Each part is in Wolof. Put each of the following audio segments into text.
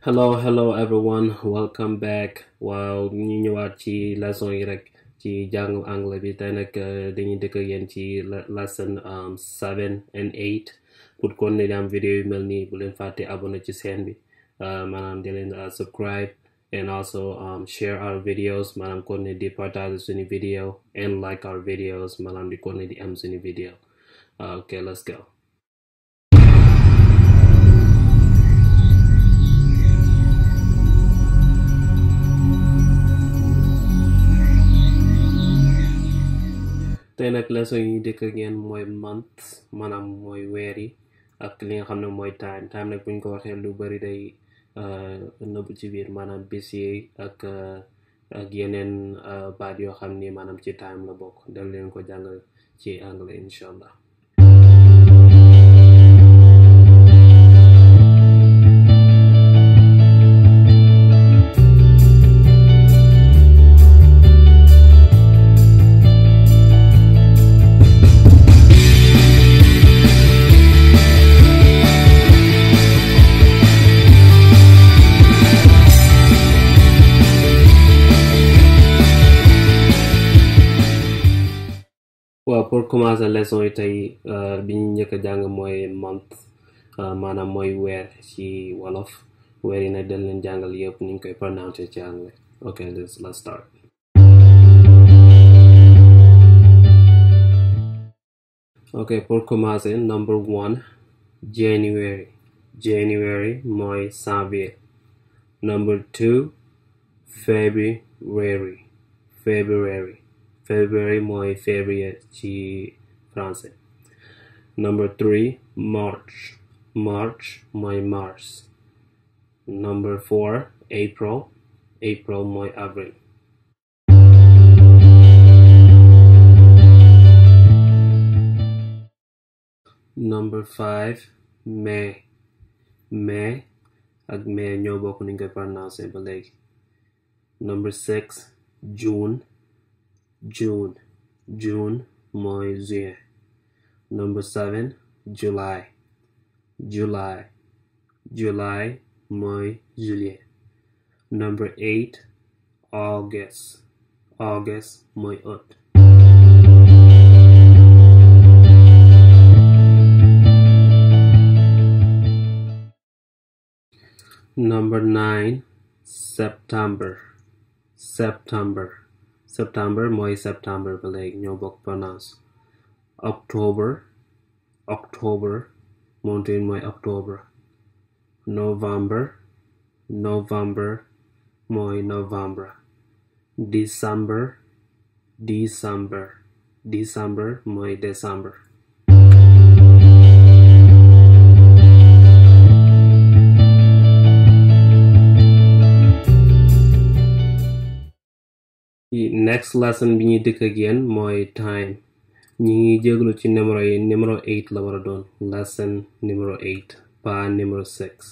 hello hello everyone welcome back waaw ñu ñëwaat ci leçon yi rek ci jàngu anglais bi tey nag eh, dañuy dëkk yéen ci lesson um, seven and eight pour kon ne vidéo yu mel nii bu leen fàtte abonné ci chaîne bi di uh, leen uh, subscribe and also um, share our videos maanaam kon ne di partage suñu vidéo and like our videos maanaam di kon ne di am suñu vidéo uh, ok let's go ne la leçon yi dëkk ak yéen mooy month maanaam mooy weer yi ak li nga xam ne mooy time time nag bu ñu ko waxee lu bari day uh, nëbb ci biir maanaam bis ak uh, ak yeneen uh, baat yoo xam ni maanaam ci time la bokk dal leen ko jàngal ci anglais incha allah waaw pour commencer lesson yi tey euh, bi ñu njëkk jàng mooy month euh, maanaam mooy weer ci wolof weer yi nag dañ leen jàngal yëpp ni ñu koy prononcé ci anglais ok ok pour commencer number one January January mooy janvier number two February February february my favorite ci français. Number three, March. March, my mars. Number four, April. April, my avril. Number five, May. May ak May ñoo bokk ni nga koy pronounce ba léegi. Number six, June. June, June, mois. Number seven, July, July, July, mois, juillet. Number eight, August, August, mois août. Number nine, September, September. September, my September, like New York pronounce. October, October, mountain my October. November, November, my November. December, December, December, my December. next lesson bi ñuy dëkk ak yéen mooy time ñi ngi jéglu ci numéro yi numéro 8 la war a doon lesson numéro 8 pas numéro 6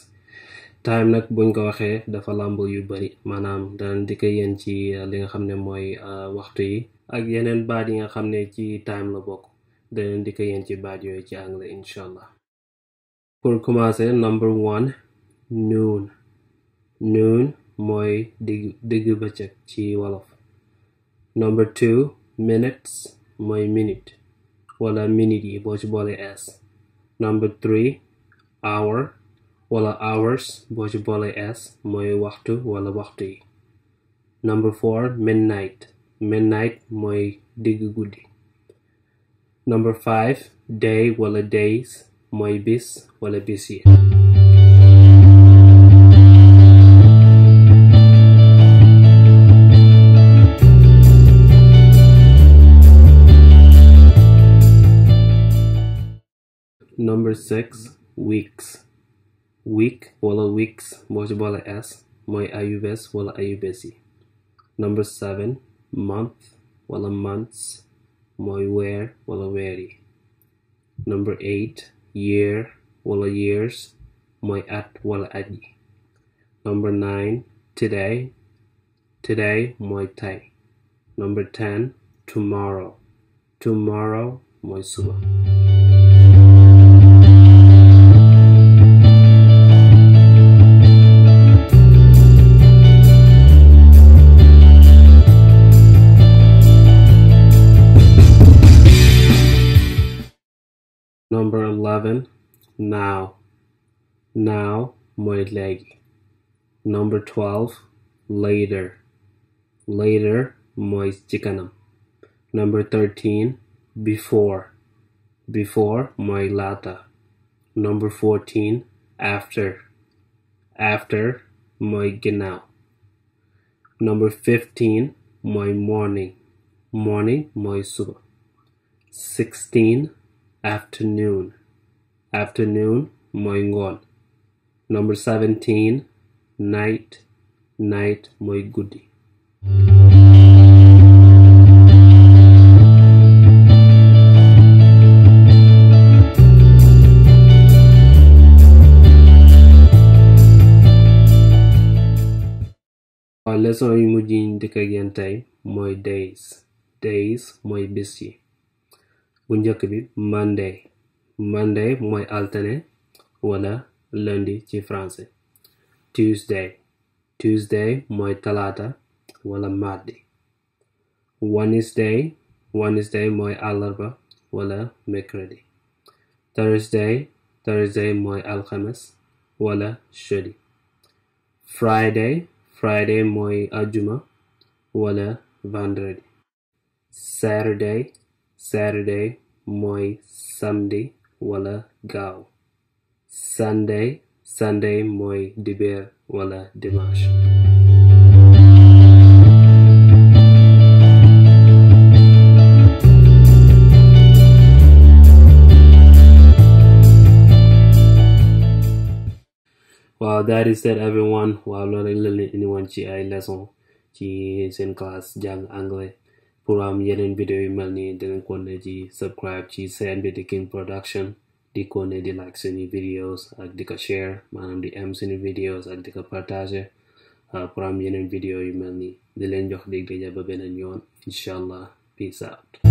time nak buñ ko waxee dafa lamb yu bari maanaam danañ dëkk yéen ci uh, li nga xam ne mooy uh, waxtu yi ak yeneen baat yi nga xam ne ci time la bokk danañ dëkk yéen ci baat yooyu ci anglais insha allah pour commencer number one noon noon mooy digg digg bëccëg ci wolof number two minutes my minute wala minute boji bole s number three hour wala hours boji bole s moy waktu. wala waxtu number four midnight midnight moy digugudi. number five day wala days moy bis wala bis Number 6 Weeks Week wala weeks moja bala s moy ayubes wala ayubesi Number 7 Month wala months moy where wala weri Number 8 Year wala years moy at wala adi Number 9 Today Today moy tai. Number 10 Tomorrow Tomorrow moy suba 11. Now. Now, legi. Number 12. Later. Later, moistikanam. Number 13. Before. Before, lata. Number 14. After. After, moiginao. Number 15. My morning. Morning, my suba. 16. Afternoon. afternoon, ngon, Number 17, night, night, moigudi. leçon yi mujj yi ñu dikk ak yéen tey mooy days days mooy bis yi bu njëkk bi monday Monday my alternate, wala lundi ci français Tuesday Tuesday mooy talata, wala mardi Wednesday Wednesday mooy alarba, wala mercredi Thursday Thursday mooy alchemist wala jeudi Friday Friday mooy ajuma wala vendredi Saturday Saturday mooy samedi wala gao. sunday sunday moy dibeer wala dimanche Well, that is that everyone waaw learning anyone la lesson indi woon class jàng anglais Puram yenen video yu mel nii dinañ ko ne ji subscribe ci seen bi di King Production di ko ne di like seeni videos ak di ko share manam di am seeni videos ak di ko partager ah, pour am yenen video yu mel di leen jox dig daja ba benen yoon inshallah peace out